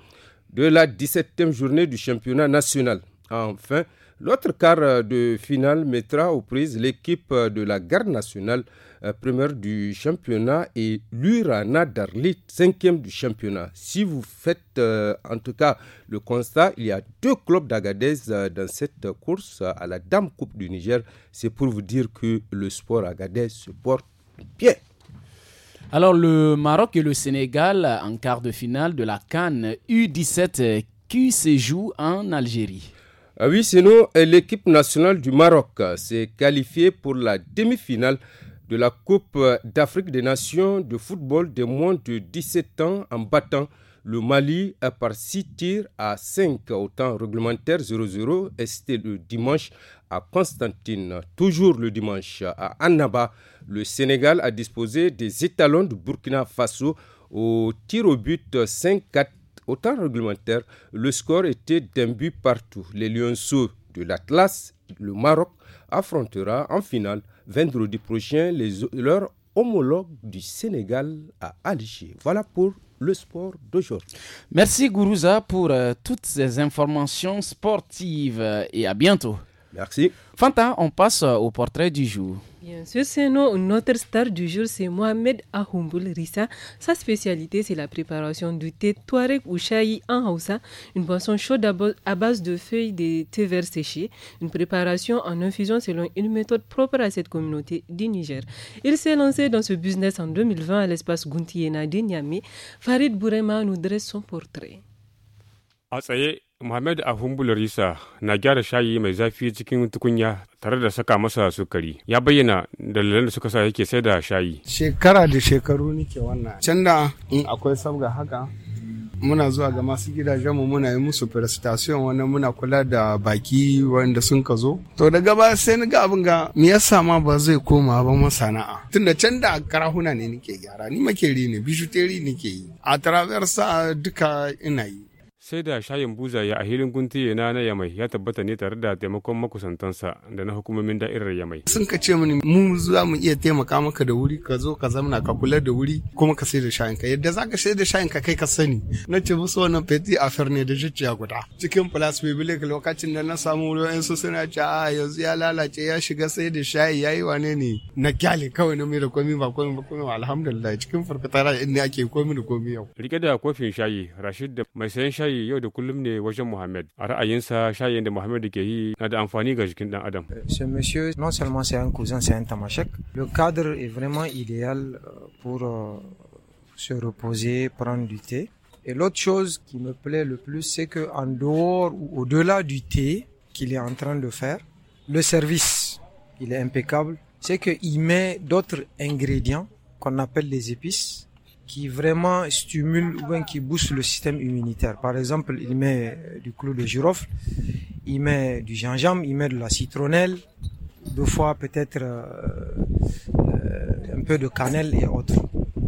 de la 17e journée du championnat national. Enfin, l'autre quart de finale mettra aux prises l'équipe de la garde nationale euh, première du championnat, et l'Urana Darlit, cinquième du championnat. Si vous faites euh, en tout cas le constat, il y a deux clubs d'Agadez euh, dans cette course à la Dame Coupe du Niger. C'est pour vous dire que le sport Agadez se porte bien. Alors le Maroc et le Sénégal en quart de finale de la Cannes U17 qui se joue en Algérie. Ah oui, sinon l'équipe nationale du Maroc s'est qualifiée pour la demi-finale la Coupe euh, d'Afrique des Nations de football des moins de 17 ans en battant le Mali euh, par 6 tirs à 5 au temps réglementaire 0-0. C'était le dimanche à Constantine. Toujours le dimanche à Annaba, le Sénégal a disposé des étalons du de Burkina Faso au tir au but 5-4. Au temps réglementaire, le score était d'un but partout. Les Lyonceaux de l'Atlas, le Maroc, affrontera en finale vendredi prochain les, leur homologue du Sénégal à Alger. Voilà pour le sport d'aujourd'hui. Merci Gourouza pour euh, toutes ces informations sportives et à bientôt. Merci. Fanta, on passe euh, au portrait du jour. Bien sûr, c'est notre star du jour, c'est Mohamed Ahumbul Rissa. Sa spécialité, c'est la préparation du thé Touareg ou Chahi en Hausa, une boisson chaude à base de feuilles de thé vert séché, une préparation en infusion selon une méthode propre à cette communauté du Niger. Il s'est lancé dans ce business en 2020 à l'espace Guntiena de Niamey. Farid Bourema nous dresse son portrait. Ah, ça y est. Muhammad Ahumbularisa na gyara shayi mai zafi cikin tukunya tare da saka masa sukari. Ya bayyana dalilan da suka sa yake sai da shayi. Shekara da shekaru nike wannan. Can da in akwai sabga haka muna zuwa ga masu gidajenmu muna yi musu prestation wannan muna kula da baki wanda sun ka zo to daga ba sai ni ga abin ga me yasa ma ba zai koma ba masana'a tunda can da karahuna ne nike gyara ni makeri ne bijuteri nike yi a traversa duka ina yi sai da shayin buzaye a hilin guntiye na na yamai ya tabbata ne tare da taimakon makusantansa da na hukumomin da'irar yamai sun ka ce mini mu za mu iya taimaka maka da wuri ka zo ka zamana ka kula da wuri kuma ka sai da shayin ka yadda zaka sai da shayin ka kai ka sani na ce musu wannan feti a ferne da zuciya guda cikin plus bibilik lokacin da na samu wurin su suna ce a yanzu ya lalace ya shiga sai da shayi yayi wane ne na kyale kawai na mai da komi ba komi ba komi alhamdulillah cikin farkatara inda ake komi da komi yau rike da kofin shayi rashid da mai sayan shayi Ce monsieur non seulement c'est un cousin, c'est un tamashek. Le cadre est vraiment idéal euh, pour euh, se reposer, prendre du thé. Et l'autre chose qui me plaît le plus, c'est que en dehors ou au-delà du thé qu'il est en train de faire, le service, il est impeccable. C'est qu'il met d'autres ingrédients qu'on appelle les épices qui vraiment stimule ou bien qui booste le système immunitaire. Par exemple, il met euh, du clou de girofle, il met du gingembre, il met de la citronnelle, deux fois peut-être euh, euh un peu de cannelle et autres.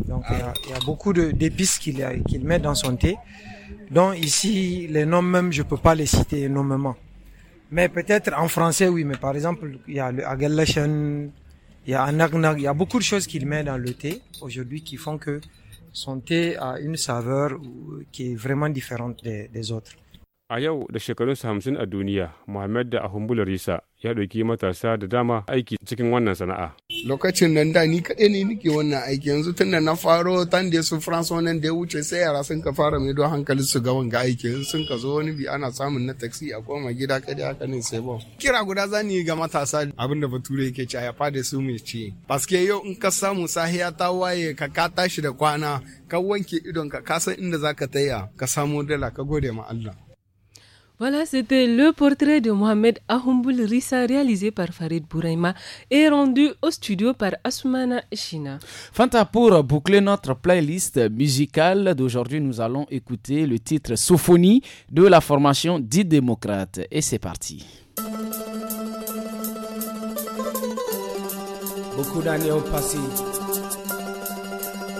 Donc il y a, il y a beaucoup d'épices qu'il qu'il met dans son thé. Donc ici, les noms même, je peux pas les citer énormément. Mais peut-être en français, oui. Mais par exemple, il y a le agalachan, il y a un il y a beaucoup de choses qu'il met dans le thé aujourd'hui qui font que son thé a une saveur qui est vraiment différente des, des autres. A yau da shekarun hamsin a duniya, Mohamed da Ahumbula Risa ya ɗauki matasa da dama aiki cikin wannan sana'a. Lokacin nan da ni kaɗai ne nake wannan aiki yanzu tun da na faro tan da su France wannan da ya wuce sai yara sun ka fara mai don hankali su ga wanga aiki sun ka zo wani bi ana samun na taxi a koma gida kaɗai haka ne sai bon. Kira guda zan yi ga matasa abin da bature yake ci a fada su mai ci. Paske yau in ka samu sahiya ta waye ka ka tashi da kwana ka wanke idon ka ka san inda za ka taya ka samo dala ka gode ma Allah. Voilà, c'était le portrait de Mohamed Ahumboul Rissa réalisé par Farid Bouraima et rendu au studio par Asumana China. Fanta, pour boucler notre playlist musicale d'aujourd'hui, nous allons écouter le titre Sophonie de la formation dite démocrate. Et c'est parti. Beaucoup d'années ont passé,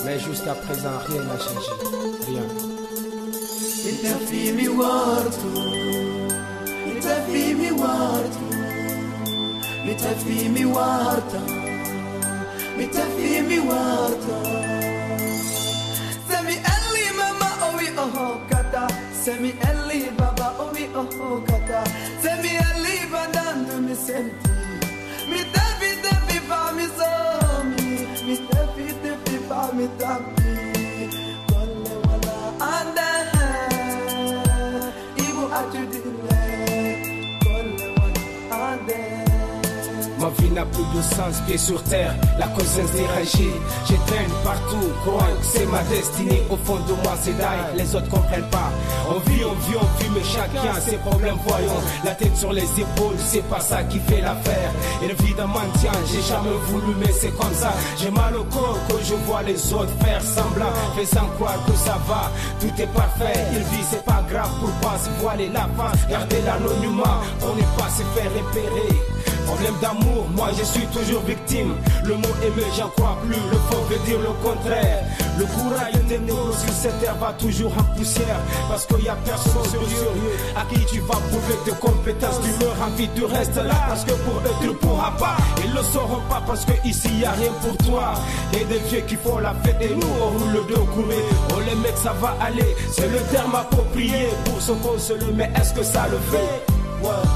mais jusqu'à présent, rien n'a changé. Rien. التفهيم ورده التفهيم ورده التفهيم ورده التفهيم ورده سامي قال لي ماما قوي اهو كتا سامي قال لي بابا قوي اهو كتا سامي قال لي بناندو نسنتي متفي تفي بعمي صامي متفي تفي بعمي دمي n'a plus de sens, pied sur terre, la conscience dérangée. J'éteins partout, que c'est ma destinée. Au fond de moi, c'est ça, les autres comprennent pas. On vit, on vit, on vit, mais chacun ses problèmes, voyons. La tête sur les épaules, c'est pas ça qui fait l'affaire. Et le vide en maintien, j'ai jamais voulu, mais c'est comme ça. J'ai mal au corps quand je vois les autres faire semblant, faisant croire que ça va, tout est parfait. Il vit, c'est pas grave pour pas se voiler la face, garder l'anonymat. On n'est pas se faire repérer. Problème d'amour, moi je suis toujours victime. Le mot aimer, j'en crois plus. Le faux veut dire le contraire. Le courage des néo sur cette terre va toujours en poussière. Parce qu'il n'y a personne sur Dieu à qui tu vas prouver tes compétences. Tu me vie, tu restes là. Parce que pour eux, tu ne pourras pas. Ils ne le sauront pas parce qu'ici, il n'y a rien pour toi. Et des vieux qui font la fête et nous, on roule le dos Oh les mecs, ça va aller. C'est le terme approprié pour se consoler. Mais est-ce que ça le fait?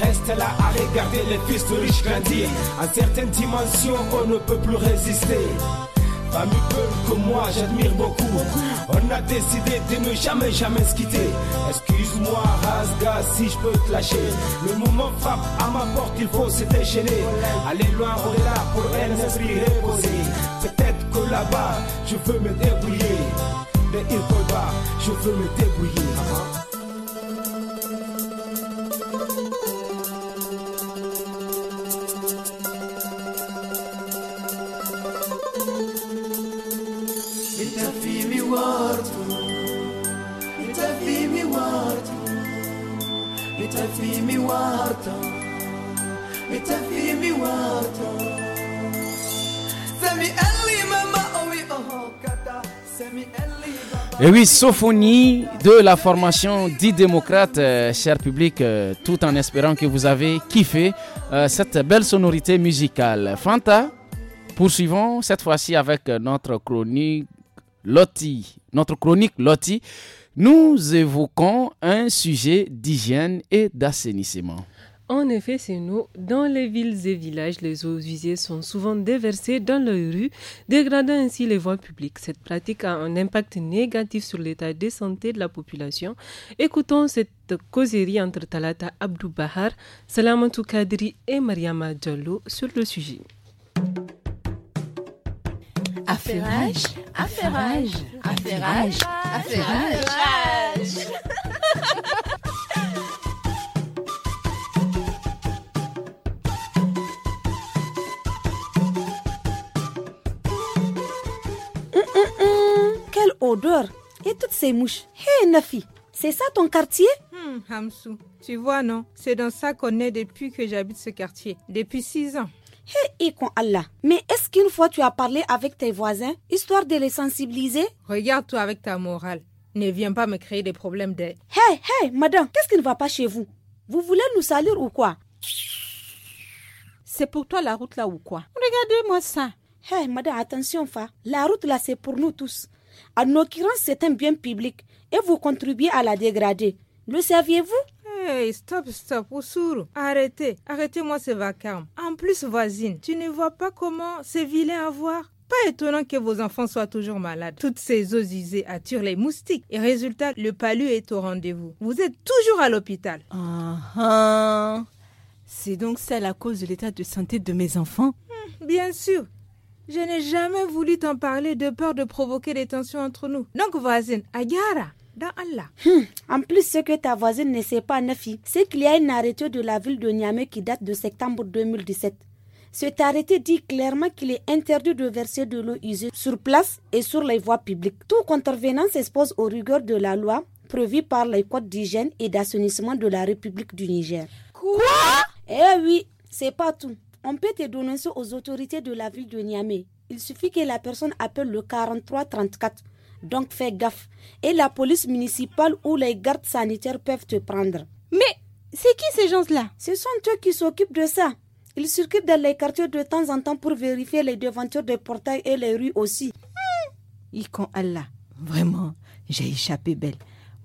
Reste là à regarder les fils de riches grandir. À certaines dimensions, on ne peut plus résister. Pas peu que moi, j'admire beaucoup. On a décidé de ne jamais, jamais se quitter. Excuse-moi, Rasga, si je peux te lâcher. Le moment frappe à ma porte, il faut se déchaîner. Aller loin, on est là pour un esprit Peut-être que là-bas, je veux me débrouiller. Mais il faut pas, je veux me débrouiller. Oh, oh, et oui, sophonie de la formation dit démocrate, euh, cher public, euh, tout en espérant que vous avez kiffé euh, cette belle sonorité musicale. Fanta, poursuivons cette fois-ci avec notre chronique Lotti. Notre chronique Loti, nous évoquons un sujet d'hygiène et d'assainissement. En effet, c'est nous. Dans les villes et villages, les eaux usées sont souvent déversées dans les rues, dégradant ainsi les voies publiques. Cette pratique a un impact négatif sur l'état de santé de la population. Écoutons cette causerie entre Talata Abdou Bahar, Salamatou Kadri et Mariama Diallo sur le sujet. affairage, affairage, affairage. affairage. odeur et toutes ces mouches. Hé hey, Nafi, c'est ça ton quartier hmm, Hamsou, tu vois non, c'est dans ça qu'on est depuis que j'habite ce quartier, depuis six ans. Hé hey, Ikon Allah, mais est-ce qu'une fois tu as parlé avec tes voisins, histoire de les sensibiliser Regarde-toi avec ta morale, ne viens pas me créer des problèmes d'aide. Hé, hey, hé, hey, madame, qu'est-ce qui ne va pas chez vous Vous voulez nous salir ou quoi C'est pour toi la route là ou quoi Regardez-moi ça. Hé, hey, madame, attention, fa. la route là c'est pour nous tous. En l'occurrence, c'est un bien public et vous contribuez à la dégrader. Le saviez-vous Hey, stop, stop, Ousourou. Arrêtez, arrêtez-moi ce vacarme. En plus, voisine, tu ne vois pas comment c'est vilain à voir pas étonnant que vos enfants soient toujours malades. Toutes ces eaux usées attirent les moustiques et résultat, le palu est au rendez-vous. Vous êtes toujours à l'hôpital. Ah, ah. C'est donc ça la cause de l'état de santé de mes enfants hmm, Bien sûr, je n'ai jamais voulu t'en parler de peur de provoquer des tensions entre nous. Donc, voisine, Agara, dans Allah. Hmm. en plus, ce que ta voisine ne sait pas, Nafi, c'est qu'il y a une arrêté de la ville de Niamey qui date de septembre 2017. Cet arrêté dit clairement qu'il est interdit de verser de l'eau usée sur place et sur les voies publiques. Tout contrevenant s'expose aux rigueurs de la loi prévue par les codes d'hygiène et d'assainissement de la République du Niger. Quoi Eh oui, c'est pas tout. On peut te donner ça aux autorités de la ville de Niamey. Il suffit que la personne appelle le 4334. Donc fais gaffe. Et la police municipale ou les gardes sanitaires peuvent te prendre. Mais c'est qui ces gens-là Ce sont eux qui s'occupent de ça. Ils circulent dans les quartiers de temps en temps pour vérifier les devantures des portails et les rues aussi. Icon Allah, vraiment, j'ai échappé belle.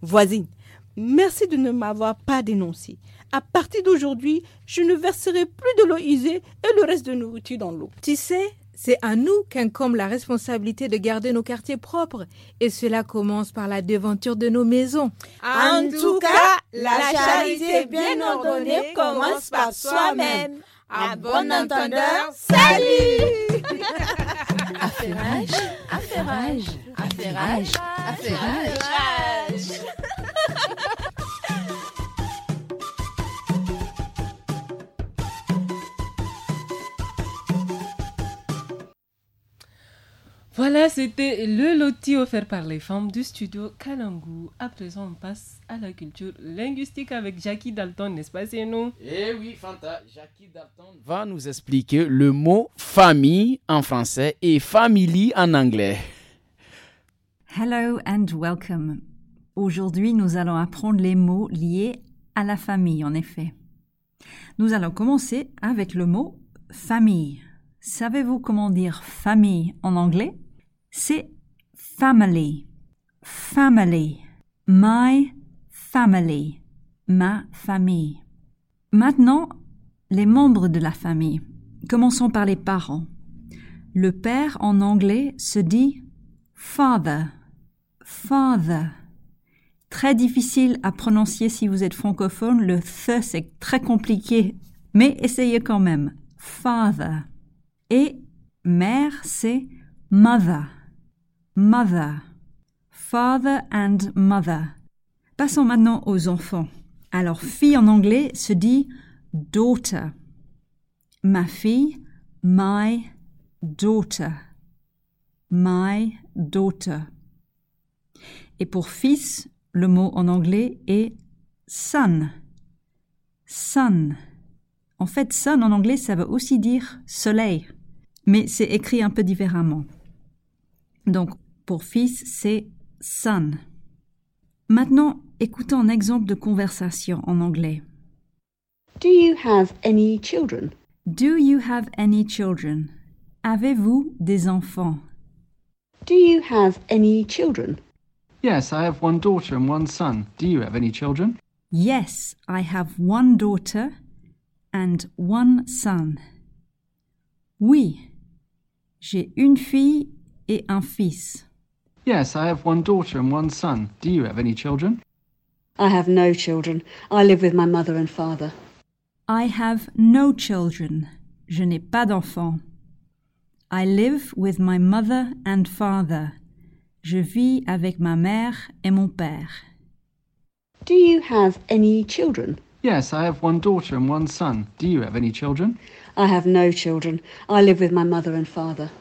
Voisine, merci de ne m'avoir pas dénoncée à partir d'aujourd'hui, je ne verserai plus de l'eau usée et le reste de nourriture dans l'eau. Tu sais, c'est à nous qu'incombe la responsabilité de garder nos quartiers propres. Et cela commence par la devanture de nos maisons. En tout cas, la charité bien ordonnée commence par soi-même. À bon entendeur, salut Affairage, affairage, affairage, affairage. Voilà, c'était le loti offert par les femmes du studio Kalangu. À présent, on passe à la culture linguistique avec Jackie Dalton, n'est-ce pas, c'est nous Eh oui, Fanta, Jackie Dalton va nous expliquer le mot famille en français et family en anglais. Hello and welcome. Aujourd'hui, nous allons apprendre les mots liés à la famille, en effet. Nous allons commencer avec le mot famille. Savez-vous comment dire famille en anglais c'est family. Family. My family. Ma famille. Maintenant, les membres de la famille. Commençons par les parents. Le père en anglais se dit father. Father. Très difficile à prononcer si vous êtes francophone. Le th, c'est très compliqué. Mais essayez quand même. Father. Et mère, c'est mother mother, father and mother. Passons maintenant aux enfants. Alors, fille en anglais se dit daughter. Ma fille, my daughter. My daughter. Et pour fils, le mot en anglais est son. Son. En fait, son en anglais, ça veut aussi dire soleil, mais c'est écrit un peu différemment. Donc, pour fils, c'est son. Maintenant, écoutons un exemple de conversation en anglais. Do you have any children? Do you have any children? Avez-vous des enfants? Do you have any children? Yes, I have one daughter and one son. Do you have any children? Yes, I have one daughter and one son. Oui, j'ai une fille et un fils. Yes, I have one daughter and one son. Do you have any children? I have no children. I live with my mother and father. I have no children. Je n'ai pas d'enfants. I live with my mother and father. Je vis avec ma mère et mon père. Do you have any children? Yes, I have one daughter and one son. Do you have any children? I have no children. I live with my mother and father.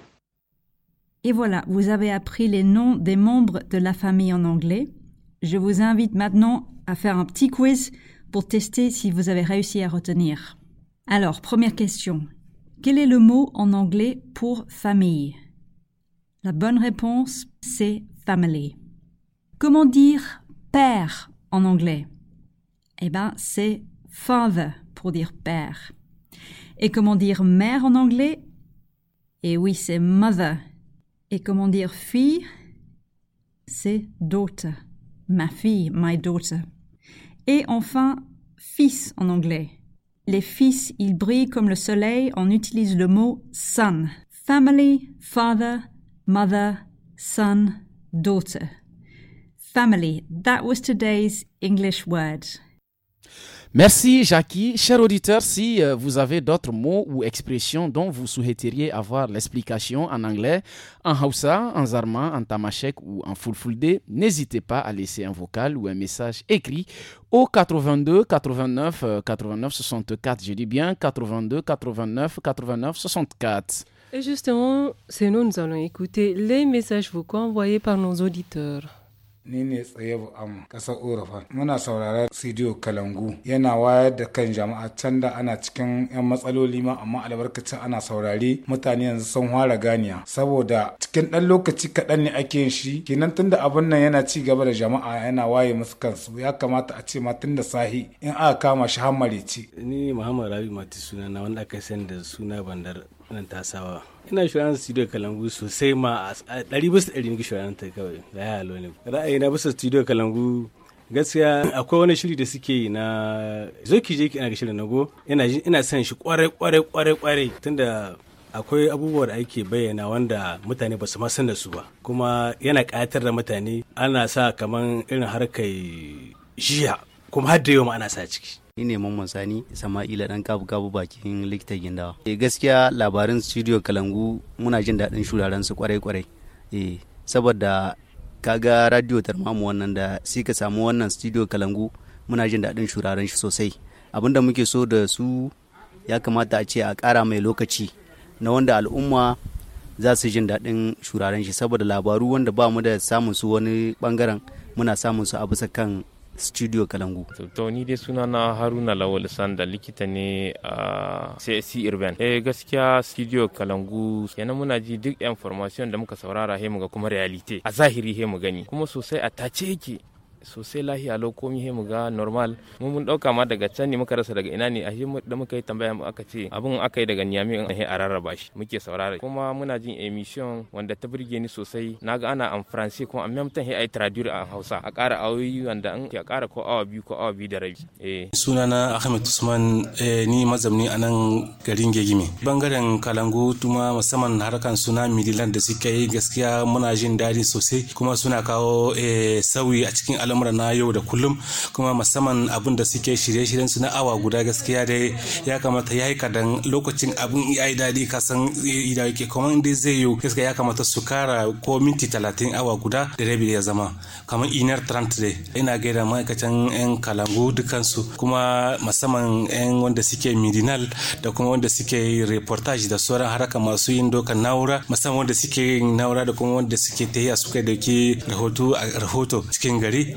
Et voilà, vous avez appris les noms des membres de la famille en anglais. Je vous invite maintenant à faire un petit quiz pour tester si vous avez réussi à retenir. Alors, première question. Quel est le mot en anglais pour famille La bonne réponse, c'est family. Comment dire père en anglais Eh bien, c'est father pour dire père. Et comment dire mère en anglais Eh oui, c'est mother et comment dire fille C'est daughter. Ma fille, my daughter. Et enfin, fils en anglais. Les fils, ils brillent comme le soleil, on utilise le mot son. Family, father, mother, son, daughter. Family, that was today's English word. Merci Jackie. Chers auditeurs, si euh, vous avez d'autres mots ou expressions dont vous souhaiteriez avoir l'explication en anglais, en Hausa, en Zarma, en Tamashek ou en Fulfulde, n'hésitez pas à laisser un vocal ou un message écrit au 82 89 89 64. Je dis bien 82 89 89 64. Et justement, c'est nous, nous allons écouter les messages vocaux envoyés par nos auditeurs. ni ne tsaye am ƙasar orafan muna sauraron sidiyo kalangu yana wayar da kan jama'a can da ana cikin 'yan matsaloli ma amma albarkacin ana saurari mutane yanzu sun fara ganiya saboda cikin ɗan lokaci kaɗan ne ake yin shi kenan tunda abin nan yana ci gaba da jama'a yana waye musu kansu ya kamata a ce ma tunda sahi in aka kama shi hammare ce ni muhammad rabi mati suna na wanda aka sani da suna bandar nan ta sawa ina shirin studio kalangu sosai ma a ɗari bisa ɗari muke shirin ta kawai da ya halo ne ra'ayi na bisa studio kalangu gaskiya akwai wani shiri da suke yi na zoki je ki ina ga shirin nago ina ina san shi kwarai kwarai kwarai kwarai tunda akwai abubuwa da ake bayyana wanda mutane ba su ma san da su ba kuma yana ƙayatar da mutane ana sa kamar irin harkar jiya kuma har da yau ma ana sa ciki ni ne mamman sani sama'ila dan kabu kabu bakin likita gindawa e gaskiya labarin studio kalangu muna jin daɗin shuraren su kwarai kwarai e eh, saboda kaga radio tarmamu wannan da sai ka samu wannan studio kalangu muna jin daɗin shuraren shi sosai abinda muke so da su ya kamata a ce a ƙara mai lokaci na wanda al'umma za su jin daɗin shuraren shi saboda labaru wanda ba mu da samun su wani bangaren muna samun su a bisa kan studio kalangu to ni dai suna na haruna lawal sanda likita ne a csc irben eh gaskiya studio kalangu yana muna ji duk information da muka saurara he mu ga kuma realite a zahiri he mu gani kuma sosai a tace yake sosai lahiya lau komi he mu ga normal mun mun dauka ma daga can ne muka rasa daga ina ne a shi da muka yi tambaya mu aka ce abun aka yi daga niyami an he a rarraba shi muke saurara kuma muna jin emission wanda ta burge ni sosai na ga ana an faransi kuma amma mutan he ai traduire a Hausa a ƙara awoyi wanda an ya ƙara ko awa biyu ko awa biyu da rabi eh sunana Ahmed Usman eh, ni mazamni a nan garin Gegime bangaren kalangu tuma musamman harkan suna Midland da suke yi gaskiya muna jin daɗi sosai kuma suna kawo eh, sauyi a cikin al al'amura na yau da kullum kuma musamman abin da suke shirye-shiryen su na awa guda gaskiya da ya kamata ya yi kadan lokacin abin ya yi daɗi ka san idan yake kuma inda zai yi gaskiya ya kamata su kara ko minti talatin awa guda da rabi ya zama kamar inar trant day ina gaida ma'aikatan yan kalangu dukansu kuma musamman yan wanda suke midinal da kuma wanda suke reportage da sauran haraka masu yin dokan na'ura musamman wanda suke yin na'ura da kuma wanda suke tahiya suka dauki rahoto a rahoto cikin gari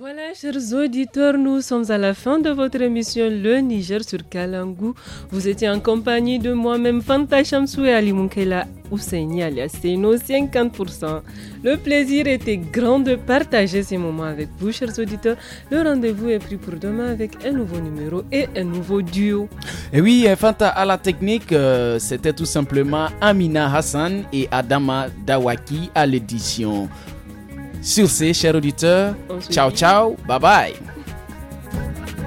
Voilà, chers auditeurs, nous sommes à la fin de votre émission Le Niger sur Kalangou. Vous étiez en compagnie de moi-même, Fanta Chamsou et Ali Munkela Ousseini alias 50%. Le plaisir était grand de partager ces moments avec vous, chers auditeurs. Le rendez-vous est pris pour demain avec un nouveau numéro et un nouveau duo. Et eh oui, eh, Fanta à la technique, euh, c'était tout simplement Amina Hassan et Adama Dawaki à l'édition. Sur ce, chers auditeurs, ciao ciao, bye bye.